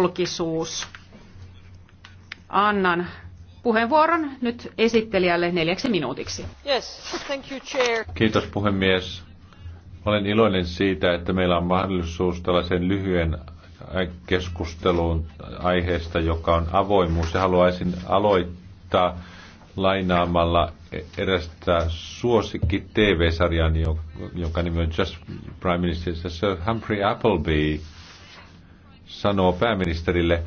julkisuus. Annan puheenvuoron nyt esittelijälle neljäksi minuutiksi. Yes, thank you, chair. Kiitos puhemies. Olen iloinen siitä, että meillä on mahdollisuus tällaisen lyhyen keskusteluun aiheesta, joka on avoimuus. Ja haluaisin aloittaa lainaamalla erästä suosikki TV-sarjan, jonka nimi on Just Prime Minister Sir Humphrey Appleby, sanoo pääministerille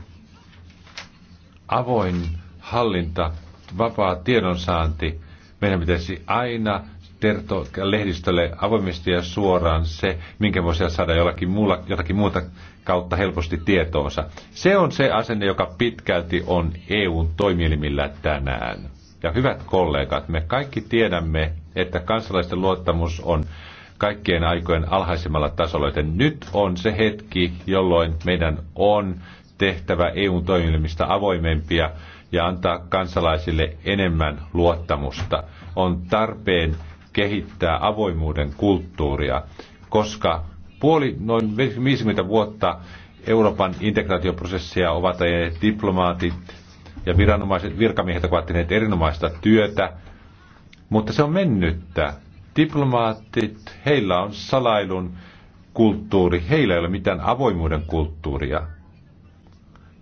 avoin hallinta, vapaa tiedonsaanti. Meidän pitäisi aina kertoa lehdistölle avoimesti ja suoraan se, minkä voisi saada jollakin muulla, jotakin muuta kautta helposti tietoonsa. Se on se asenne, joka pitkälti on EUn toimielimillä tänään. Ja hyvät kollegat, me kaikki tiedämme, että kansalaisten luottamus on kaikkien aikojen alhaisimmalla tasolla, joten nyt on se hetki, jolloin meidän on tehtävä EUn toimielimistä avoimempia ja antaa kansalaisille enemmän luottamusta. On tarpeen kehittää avoimuuden kulttuuria, koska puoli, noin 50 vuotta Euroopan integraatioprosessia ovat ajaneet diplomaatit ja viranomaiset, virkamiehet ovat tehneet erinomaista työtä, mutta se on mennyttä. Diplomaatit, heillä on salailun kulttuuri, heillä ei ole mitään avoimuuden kulttuuria.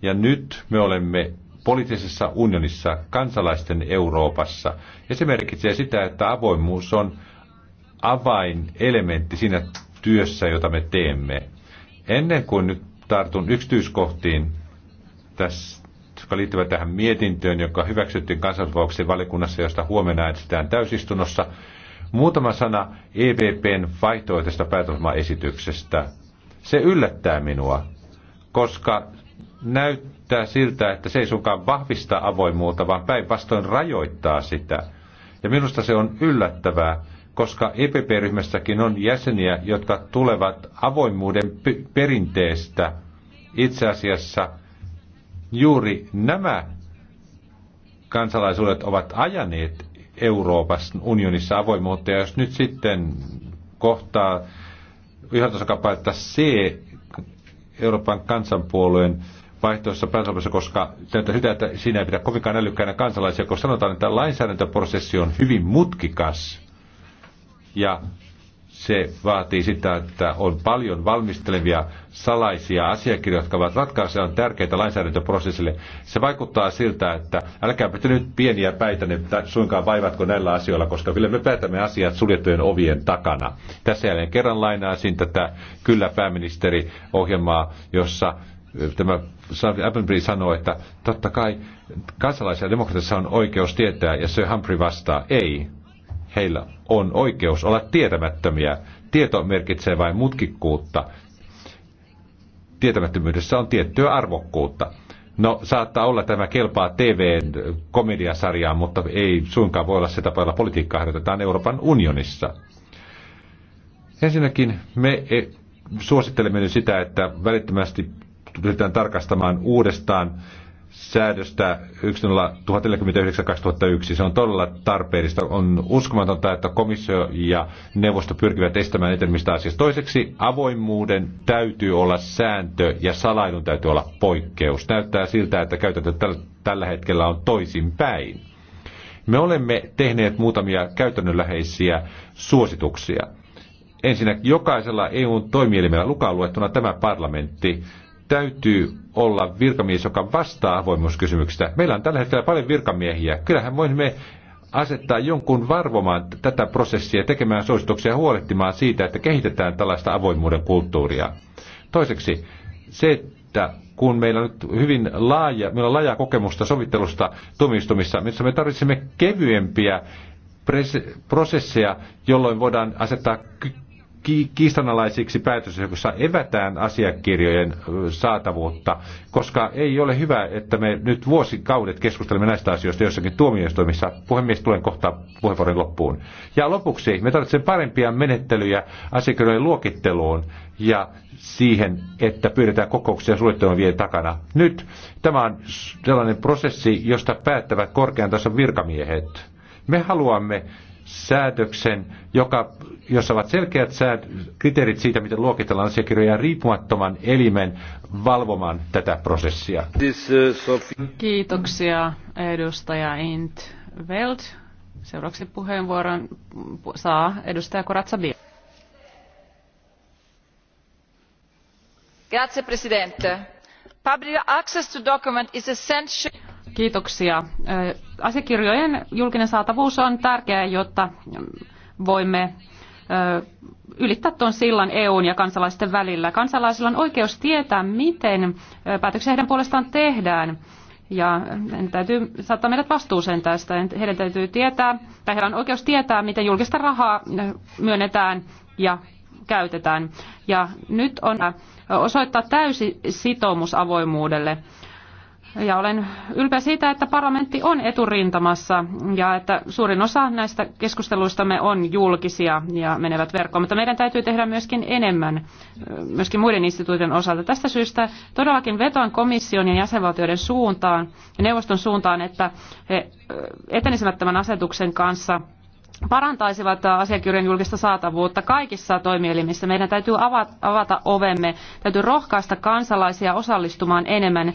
Ja nyt me olemme poliittisessa unionissa, kansalaisten Euroopassa. Ja se merkitsee sitä, että avoimuus on avainelementti siinä työssä, jota me teemme. Ennen kuin nyt tartun yksityiskohtiin, tässä, jotka liittyvät tähän mietintöön, joka hyväksyttiin kansanvauksen valikunnassa, josta huomenna äänestetään täysistunnossa, Muutama sana EVPn vaihtoehtoisesta päätösmaesityksestä. Se yllättää minua, koska näyttää siltä, että se ei suinkaan vahvista avoimuutta, vaan päinvastoin rajoittaa sitä. Ja minusta se on yllättävää, koska EPP-ryhmässäkin on jäseniä, jotka tulevat avoimuuden perinteestä. Itse asiassa juuri nämä kansalaisuudet ovat ajaneet Euroopassa unionissa avoimuutta. Ja jos nyt sitten kohtaa johdatuskappaletta C Euroopan kansanpuolueen vaihtoehtoisessa päätöksessä, koska täytyy sitä, että siinä ei pidä kovinkaan älykkäänä kansalaisia, kun sanotaan, että lainsäädäntöprosessi on hyvin mutkikas ja se vaatii sitä, että on paljon valmistelevia salaisia asiakirjoja, jotka ovat ratkaisevan tärkeitä lainsäädäntöprosessille. Se vaikuttaa siltä, että älkääpä te nyt pieniä päitä, ne suinkaan vaivatko näillä asioilla, koska kyllä me päätämme asiat suljettujen ovien takana. Tässä jälleen kerran lainaisin tätä kyllä pääministeri ohjelmaa, jossa tämä Appenbury sanoo, että totta kai kansalaisia demokratiassa on oikeus tietää, ja se Humphrey vastaa, ei, Heillä on oikeus olla tietämättömiä. Tieto merkitsee vain mutkikkuutta. Tietämättömyydessä on tiettyä arvokkuutta. No, saattaa olla tämä kelpaa TV-komediasarjaan, mutta ei suinkaan voi olla se tapa, jolla politiikkaa harjoitetaan Euroopan unionissa. Ensinnäkin me e, suosittelemme nyt sitä, että välittömästi pyritään tarkastamaan uudestaan säädöstä 1049-2001. Se on todella tarpeellista. On uskomatonta, että komissio ja neuvosto pyrkivät estämään etenemistä asiasta. Toiseksi avoimuuden täytyy olla sääntö ja salailun täytyy olla poikkeus. Näyttää siltä, että käytäntö tällä hetkellä on toisinpäin. Me olemme tehneet muutamia käytännönläheisiä suosituksia. Ensinnäkin jokaisella eu toimielimellä lukaan luettuna tämä parlamentti täytyy olla virkamies, joka vastaa avoimuuskysymyksistä. Meillä on tällä hetkellä paljon virkamiehiä. Kyllähän voimme asettaa jonkun varvomaan tätä prosessia, tekemään suosituksia ja huolehtimaan siitä, että kehitetään tällaista avoimuuden kulttuuria. Toiseksi se, että kun meillä on nyt hyvin laaja, meillä on laaja kokemusta sovittelusta tuomioistumissa, missä me tarvitsemme kevyempiä prosesseja, jolloin voidaan asettaa kiistanalaisiksi päätös, jossa evätään asiakirjojen saatavuutta, koska ei ole hyvä, että me nyt vuosikaudet keskustelemme näistä asioista jossakin tuomioistuimissa. Puhemies, tulen kohta puheenvuoron loppuun. Ja lopuksi me tarvitsemme parempia menettelyjä asiakirjojen luokitteluun ja siihen, että pyydetään kokouksia suunnittelun vielä takana. Nyt tämä on sellainen prosessi, josta päättävät korkean tason virkamiehet. Me haluamme säädöksen, joka, jossa ovat selkeät sääd- kriteerit siitä, miten luokitellaan asiakirjoja riippumattoman elimen valvomaan tätä prosessia. Uh, Kiitoksia edustaja Int Welt. Seuraavaksi puheenvuoron saa edustaja Koratsa Biel. Grazie Presidente. Public access to document is essential. Kiitoksia. Asiakirjojen julkinen saatavuus on tärkeää, jotta voimme ylittää tuon sillan EUn ja kansalaisten välillä. Kansalaisilla on oikeus tietää, miten päätöksiä heidän puolestaan tehdään. Ja täytyy saattaa meidät vastuuseen tästä. Heidän täytyy tietää, tai heillä on oikeus tietää, miten julkista rahaa myönnetään ja käytetään. Ja nyt on osoittaa täysi sitoumus avoimuudelle. Ja olen ylpeä siitä, että parlamentti on eturintamassa ja että suurin osa näistä keskusteluistamme on julkisia ja menevät verkkoon. Mutta meidän täytyy tehdä myöskin enemmän, myöskin muiden instituutioiden osalta. Tästä syystä todellakin vetoan komission ja jäsenvaltioiden suuntaan ja neuvoston suuntaan, että he etenisivät tämän asetuksen kanssa parantaisivat asiakirjojen julkista saatavuutta kaikissa toimielimissä. Meidän täytyy avata ovemme, täytyy rohkaista kansalaisia osallistumaan enemmän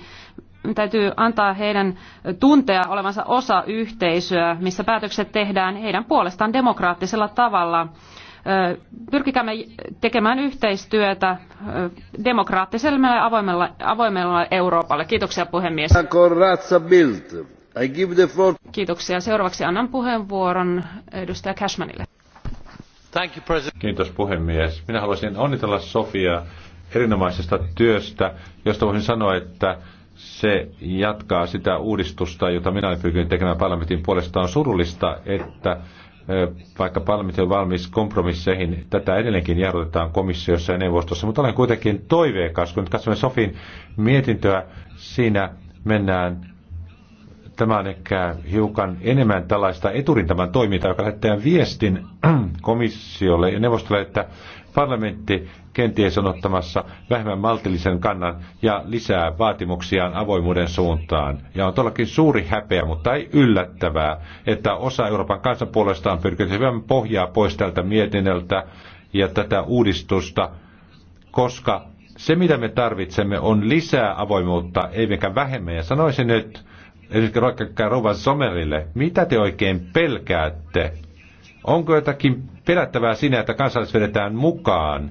täytyy antaa heidän tuntea olevansa osa yhteisöä, missä päätökset tehdään heidän puolestaan demokraattisella tavalla. Pyrkikäämme tekemään yhteistyötä demokraattisella ja avoimella, avoimella Euroopalle. Kiitoksia puhemies. Kiitoksia. Seuraavaksi annan puheenvuoron edustaja Cashmanille. Kiitos puhemies. Minä haluaisin onnitella Sofia erinomaisesta työstä, josta voisin sanoa, että se jatkaa sitä uudistusta, jota minä olen pyrkinyt tekemään parlamentin puolesta. On surullista, että vaikka parlamentti on valmis kompromisseihin, tätä edelleenkin jarrutetaan komissiossa ja neuvostossa, mutta olen kuitenkin toiveikas, kun nyt katsomme Sofin mietintöä, siinä mennään Tämä on ehkä hiukan enemmän tällaista eturintaman toimintaa, joka lähettää viestin komissiolle ja neuvostolle, että parlamentti kenties on ottamassa vähemmän maltillisen kannan ja lisää vaatimuksiaan avoimuuden suuntaan. Ja on todellakin suuri häpeä, mutta ei yllättävää, että osa Euroopan kansanpuolesta on pyrkinyt hyvän pohjaa pois tältä mietinnöltä ja tätä uudistusta, koska se, mitä me tarvitsemme, on lisää avoimuutta, eikä vähemmän. Ja sanoisin nyt, Eli vaikka Rouva Somerille, mitä te oikein pelkäätte? Onko jotakin pelättävää sinä, että kansalaiset vedetään mukaan?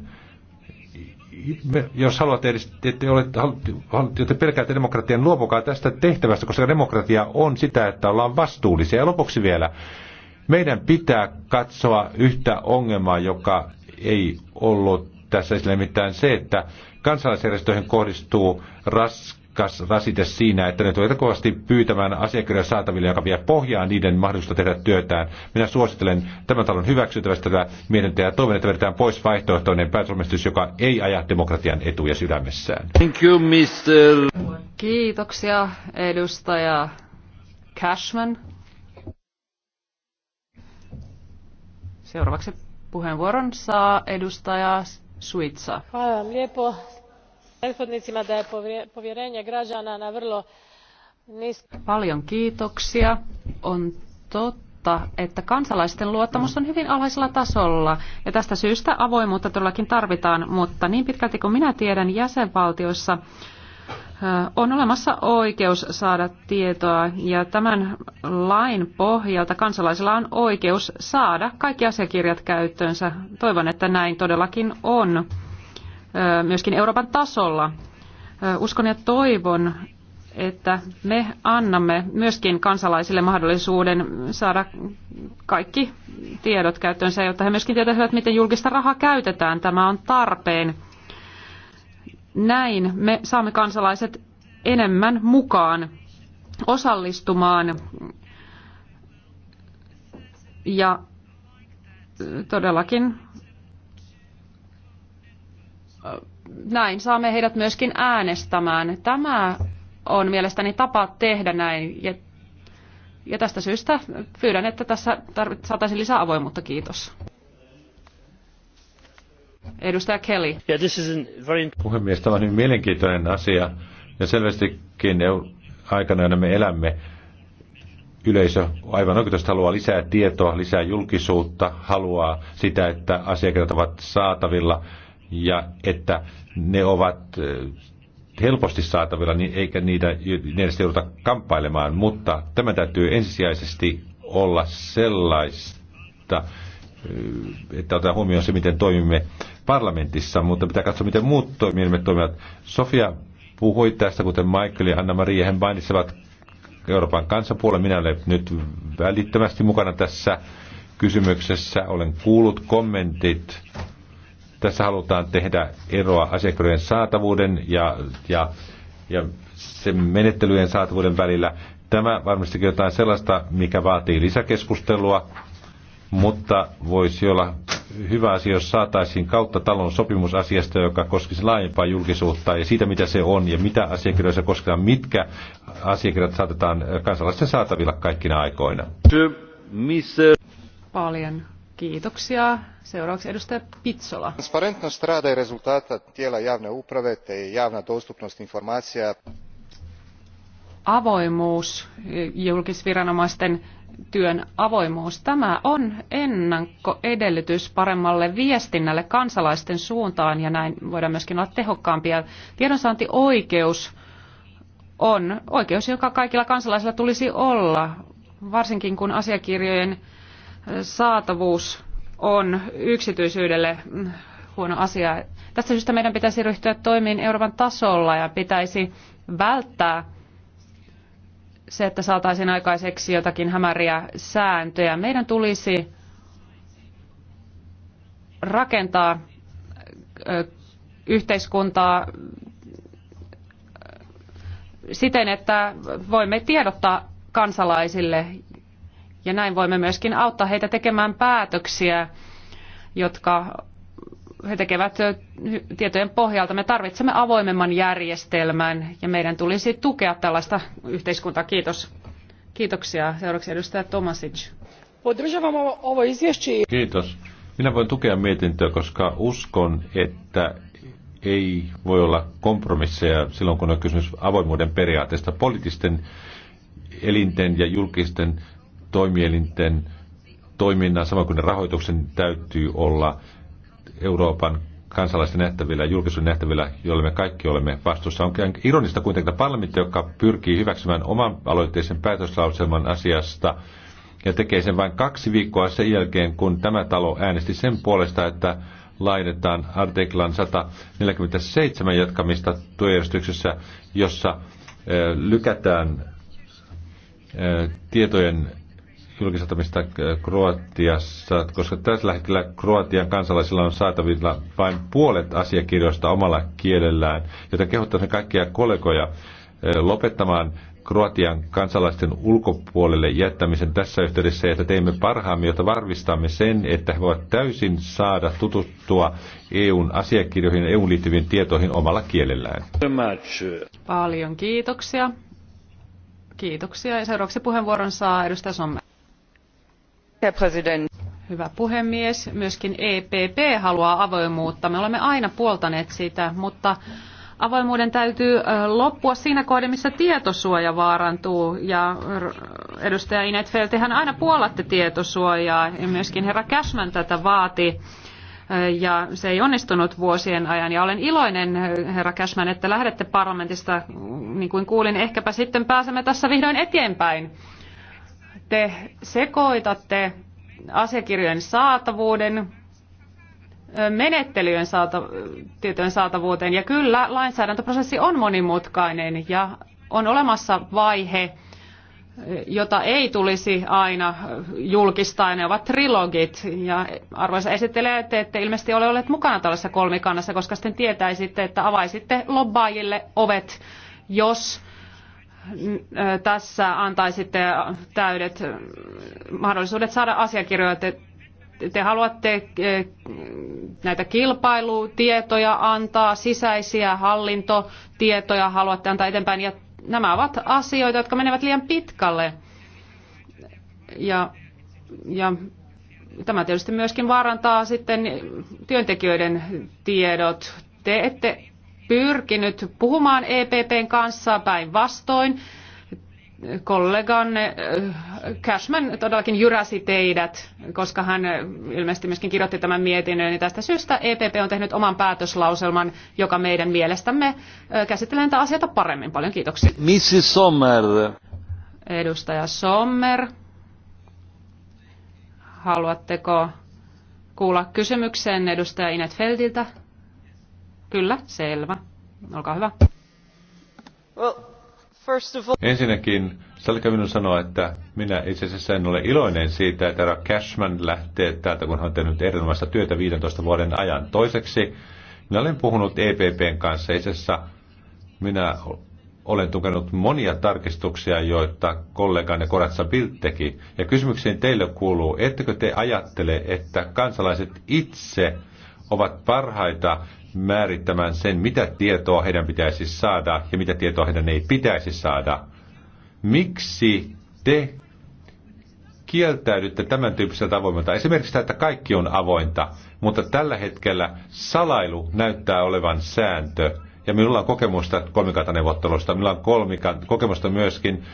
jos haluatte edes, että olette, haluatte, te pelkäätte demokratian, luopukaa tästä tehtävästä, koska demokratia on sitä, että ollaan vastuullisia. Ja lopuksi vielä, meidän pitää katsoa yhtä ongelmaa, joka ei ollut tässä esillä, nimittäin se, että kansalaisjärjestöihin kohdistuu ras, rasite siinä, että ne tulevat kovasti pyytämään asiakirjan saataville, joka vie pohjaa niiden mahdollisuutta tehdä työtään. Minä suosittelen tämän talon hyväksytävästä tätä mietintöä ja toivon, että vedetään pois vaihtoehtoinen päätösomistys, joka ei aja demokratian etuja sydämessään. Thank you, Mr. Kiitoksia, edustaja Cashman. Seuraavaksi puheenvuoron saa edustaja Suitsa. Hvala prethodnicima da je povjerenje građana na vrlo Paljon kiitoksia. On totta, että kansalaisten luottamus on hyvin alhaisella tasolla ja tästä syystä avoimuutta todellakin tarvitaan, mutta niin pitkälti kuin minä tiedän jäsenvaltioissa on olemassa oikeus saada tietoa ja tämän lain pohjalta kansalaisilla on oikeus saada kaikki asiakirjat käyttöönsä. Toivon, että näin todellakin on myöskin Euroopan tasolla. Uskon ja toivon, että me annamme myöskin kansalaisille mahdollisuuden saada kaikki tiedot käyttöönsä, jotta he myöskin tietävät, miten julkista rahaa käytetään. Tämä on tarpeen. Näin me saamme kansalaiset enemmän mukaan osallistumaan ja todellakin näin saamme heidät myöskin äänestämään. Tämä on mielestäni tapa tehdä näin ja, ja tästä syystä pyydän, että tässä saataisiin lisää avoimuutta. Kiitos. Edustaja Kelly. Yeah, this is very... Puhemies, tämä on hyvin mielenkiintoinen asia ja selvästikin aikana, jona me elämme, yleisö aivan oikeastaan haluaa lisää tietoa, lisää julkisuutta, haluaa sitä, että asiakirjat ovat saatavilla – ja että ne ovat helposti saatavilla, niin eikä niitä, niistä jouduta kamppailemaan, mutta tämä täytyy ensisijaisesti olla sellaista, että otetaan huomioon se, miten toimimme parlamentissa, mutta pitää katsoa, miten muut toimimme toimivat. Sofia puhui tästä, kuten Michael ja Anna-Maria, hän mainitsevat Euroopan kansapuolen. Minä olen nyt välittömästi mukana tässä kysymyksessä. Olen kuullut kommentit tässä halutaan tehdä eroa asiakirjojen saatavuuden ja, ja, ja sen menettelyjen saatavuuden välillä. Tämä varmastikin jotain sellaista, mikä vaatii lisäkeskustelua, mutta voisi olla hyvä asia, jos saataisiin kautta talon sopimus joka koskisi laajempaa julkisuutta ja siitä, mitä se on ja mitä asiakirjoissa kosketaan, mitkä asiakirjat saatetaan kansalaisten saatavilla kaikkina aikoina. Paljon Kiitoksia. Seuraavaksi edustaja Pitsola. Transparentnost rada i rezultata tijela javne uprave te javna dostupnost informacija. Avoimuus, julkisviranomaisten työn avoimuus, tämä on ennakkoedellytys paremmalle viestinnälle kansalaisten suuntaan ja näin voidaan myöskin olla tehokkaampia. Tiedonsaantioikeus on oikeus, joka kaikilla kansalaisilla tulisi olla, varsinkin kun asiakirjojen saatavuus on yksityisyydelle huono asia. Tästä syystä meidän pitäisi ryhtyä toimiin Euroopan tasolla ja pitäisi välttää se, että saataisiin aikaiseksi jotakin hämäriä sääntöjä. Meidän tulisi rakentaa yhteiskuntaa siten, että voimme tiedottaa kansalaisille ja näin voimme myöskin auttaa heitä tekemään päätöksiä, jotka he tekevät tietojen pohjalta. Me tarvitsemme avoimemman järjestelmän ja meidän tulisi tukea tällaista yhteiskuntaa. Kiitos. Kiitoksia. Seuraavaksi edustaja Tomasic. Kiitos. Minä voin tukea mietintöä, koska uskon, että ei voi olla kompromisseja silloin, kun on kysymys avoimuuden periaatteesta. Poliittisten elinten ja julkisten toimielinten toiminnan, samoin kuin rahoituksen täytyy olla Euroopan kansalaisten nähtävillä ja julkisuuden nähtävillä, joille me kaikki olemme vastuussa. On ironista kuitenkin, että parlamentti, joka pyrkii hyväksymään oman aloitteisen päätöslauselman asiasta ja tekee sen vain kaksi viikkoa sen jälkeen, kun tämä talo äänesti sen puolesta, että laitetaan artiklan 147 jatkamista työjärjestyksessä, jossa eh, lykätään eh, tietojen julkisatamista äh, Kroatiassa, koska tällä hetkellä Kroatian kansalaisilla on saatavilla vain puolet asiakirjoista omalla kielellään, joten kehottaisin kaikkia kollegoja äh, lopettamaan Kroatian kansalaisten ulkopuolelle jättämisen tässä yhteydessä, että teemme parhaamme, jotta varmistamme sen, että he voivat täysin saada tututtua EUn asiakirjoihin ja EUn liittyviin tietoihin omalla kielellään. Paljon kiitoksia. Kiitoksia. Ja seuraavaksi puheenvuoron saa edustaja Somme. Hyvä puhemies, myöskin EPP haluaa avoimuutta. Me olemme aina puoltaneet sitä, mutta avoimuuden täytyy loppua siinä kohdassa, missä tietosuoja vaarantuu. Ja edustaja Inetfeld, tehän aina puolatte tietosuojaa ja myöskin herra Cashman tätä vaati. Ja se ei onnistunut vuosien ajan. Ja olen iloinen, herra Cashman, että lähdette parlamentista, niin kuin kuulin, ehkäpä sitten pääsemme tässä vihdoin eteenpäin te sekoitatte asiakirjojen saatavuuden menettelyjen saata, tietojen saatavuuteen. Ja kyllä, lainsäädäntöprosessi on monimutkainen ja on olemassa vaihe, jota ei tulisi aina julkistaa. Ne ovat trilogit. Ja arvoisa esittelijä, te ette ilmeisesti ole olleet mukana tällaisessa kolmikannassa, koska sitten tietäisitte, että avaisitte lobbaajille ovet, jos tässä antaisitte täydet mahdollisuudet saada asiakirjoja. Te, te haluatte näitä kilpailutietoja antaa, sisäisiä hallintotietoja haluatte antaa eteenpäin ja nämä ovat asioita, jotka menevät liian pitkälle. Ja, ja tämä tietysti myöskin vaarantaa sitten työntekijöiden tiedot. Te ette pyrkinyt puhumaan EPPn kanssa päinvastoin. Kolleganne eh, Cashman todellakin jyräsi teidät, koska hän eh, ilmeisesti myöskin kirjoitti tämän mietinnön. Ja tästä syystä EPP on tehnyt oman päätöslauselman, joka meidän mielestämme eh, käsittelee tätä asioita paremmin. Paljon kiitoksia. Mrs. Sommer. Edustaja Sommer. Haluatteko kuulla kysymyksen edustaja Inet Feldiltä? Kyllä, selvä. Olkaa hyvä. Well, first of all... Ensinnäkin, sallikaa minun sanoa, että minä itse asiassa en ole iloinen siitä, että Ra Cashman lähtee täältä, kun hän on tehnyt erinomaista työtä 15 vuoden ajan. Toiseksi, minä olen puhunut EPPn kanssa. Itse asiassa minä olen tukenut monia tarkistuksia, joita kolleganne Koratsa Bild teki. Ja kysymykseen teille kuuluu, ettekö te ajattele, että kansalaiset itse ovat parhaita määrittämään sen, mitä tietoa heidän pitäisi saada ja mitä tietoa heidän ei pitäisi saada. Miksi te kieltäydytte tämän tyyppiseltä avoimelta? Esimerkiksi sitä, että kaikki on avointa, mutta tällä hetkellä salailu näyttää olevan sääntö. Ja minulla on kokemusta kolmikantaneuvottelusta, minulla on kolmikant, kokemusta myöskin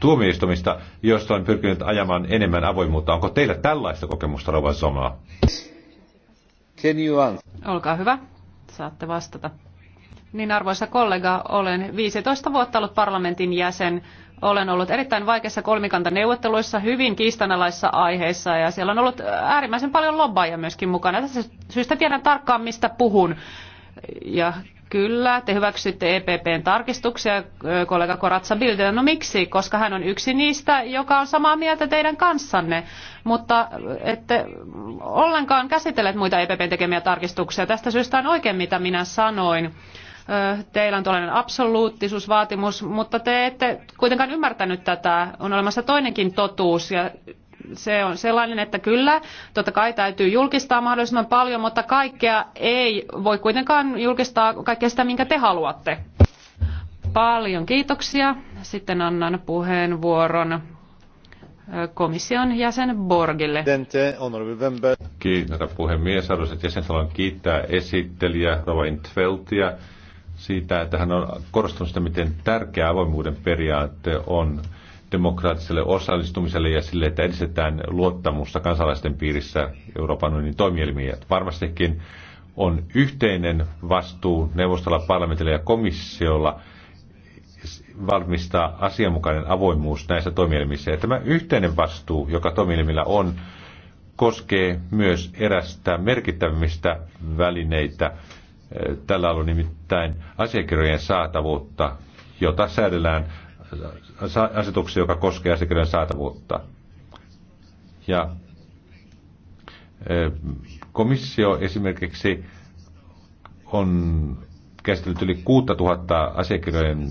tuomioistumista, josta on pyrkinyt ajamaan enemmän avoimuutta. Onko teillä tällaista kokemusta, Rova Somaa? Olkaa hyvä saatte vastata. Niin arvoisa kollega, olen 15 vuotta ollut parlamentin jäsen. Olen ollut erittäin vaikeissa kolmikantaneuvotteluissa, hyvin kiistanalaisissa aiheissa ja siellä on ollut äärimmäisen paljon lobbaajia myöskin mukana. Tästä syystä tiedän tarkkaan, mistä puhun. Ja Kyllä, te hyväksytte EPPn tarkistuksia, kollega Koratsa Bilden. No miksi? Koska hän on yksi niistä, joka on samaa mieltä teidän kanssanne, mutta ette ollenkaan käsitelleet muita EPPn tekemiä tarkistuksia. Tästä syystä on oikein, mitä minä sanoin. Teillä on tuollainen absoluuttisuusvaatimus, mutta te ette kuitenkaan ymmärtänyt tätä. On olemassa toinenkin totuus ja se on sellainen, että kyllä, totta kai täytyy julkistaa mahdollisimman paljon, mutta kaikkea ei voi kuitenkaan julkistaa kaikkea sitä, minkä te haluatte. Paljon kiitoksia. Sitten annan puheenvuoron komission jäsen Borgille. Kiitos, herra puhemies. Arvoisat jäsenet, haluan kiittää esittelijä Rova Intveltia siitä, että hän on korostanut sitä, miten tärkeä avoimuuden periaate on – demokraattiselle osallistumiselle ja sille, että edistetään luottamusta kansalaisten piirissä Euroopan unionin toimielimiä. Varmastikin on yhteinen vastuu neuvostolla, parlamentilla ja komissiolla valmistaa asianmukainen avoimuus näissä toimielimissä. Ja tämä yhteinen vastuu, joka toimielimillä on, koskee myös erästä merkittävimmistä välineitä. Tällä on nimittäin asiakirjojen saatavuutta, jota säädellään asetuksia, joka koskee asiakirjan saatavuutta. Ja komissio esimerkiksi on käsitellyt yli 6000 asiakirjojen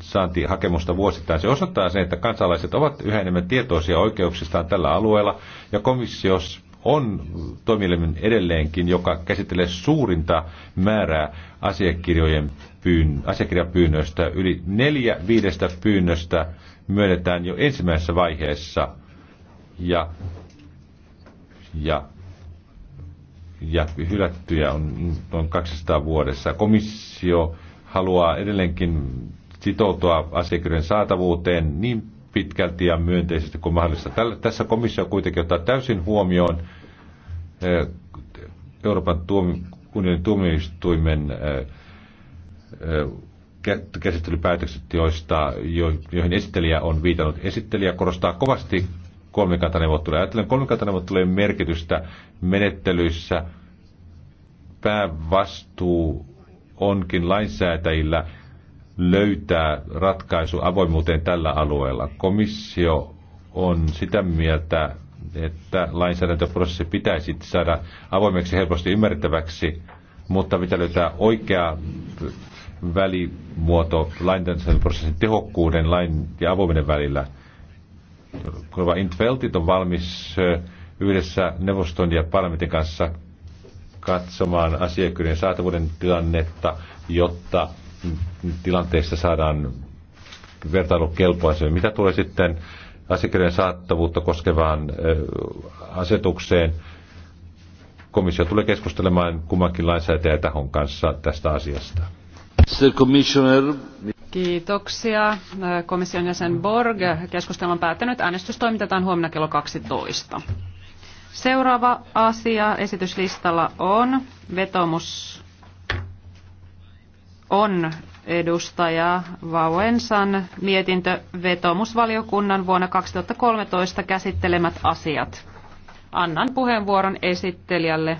saantihakemusta vuosittain. Se osoittaa sen, että kansalaiset ovat yhä enemmän tietoisia oikeuksistaan tällä alueella, ja komissiossa on toimielimen edelleenkin, joka käsittelee suurinta määrää asiakirjojen pyyn, asiakirjapyynnöstä. Yli neljä viidestä pyynnöstä myönnetään jo ensimmäisessä vaiheessa. Ja, ja ja hylättyjä on noin 200 vuodessa. Komissio haluaa edelleenkin sitoutua asiakirjojen saatavuuteen niin pitkälti ja myönteisesti kuin mahdollista. Tässä komissio kuitenkin ottaa täysin huomioon eh, Euroopan tuomi, unionin tuomioistuimen eh, eh, käsittelypäätökset, joista, joihin esittelijä on viitannut. Esittelijä korostaa kovasti kolmikantaneuvotteluja. Ajattelen kolmikantaneuvottelujen merkitystä menettelyissä. Päävastuu onkin lainsäätäjillä – löytää ratkaisu avoimuuteen tällä alueella. Komissio on sitä mieltä, että lainsäädäntöprosessi pitäisi saada avoimeksi helposti ymmärrettäväksi, mutta pitää löytää oikea välimuoto lainsäädäntöprosessin tehokkuuden lain ja avoimen välillä. Intveltit on valmis yhdessä neuvoston ja parlamentin kanssa katsomaan asiakirjojen saatavuuden tilannetta, jotta tilanteissa saadaan vertailukelpoisia. Mitä tulee sitten asiakirjan saattavuutta koskevaan asetukseen, komissio tulee keskustelemaan kummankin tahon kanssa tästä asiasta. Kiitoksia. Komission jäsen Borg. Keskustelu on päättänyt. Äänestys toimitetaan huomenna kello 12. Seuraava asia esityslistalla on vetomus on edustaja Vauensan mietintö vetomusvaliokunnan vuonna 2013 käsittelemät asiat. Annan puheenvuoron esittelijälle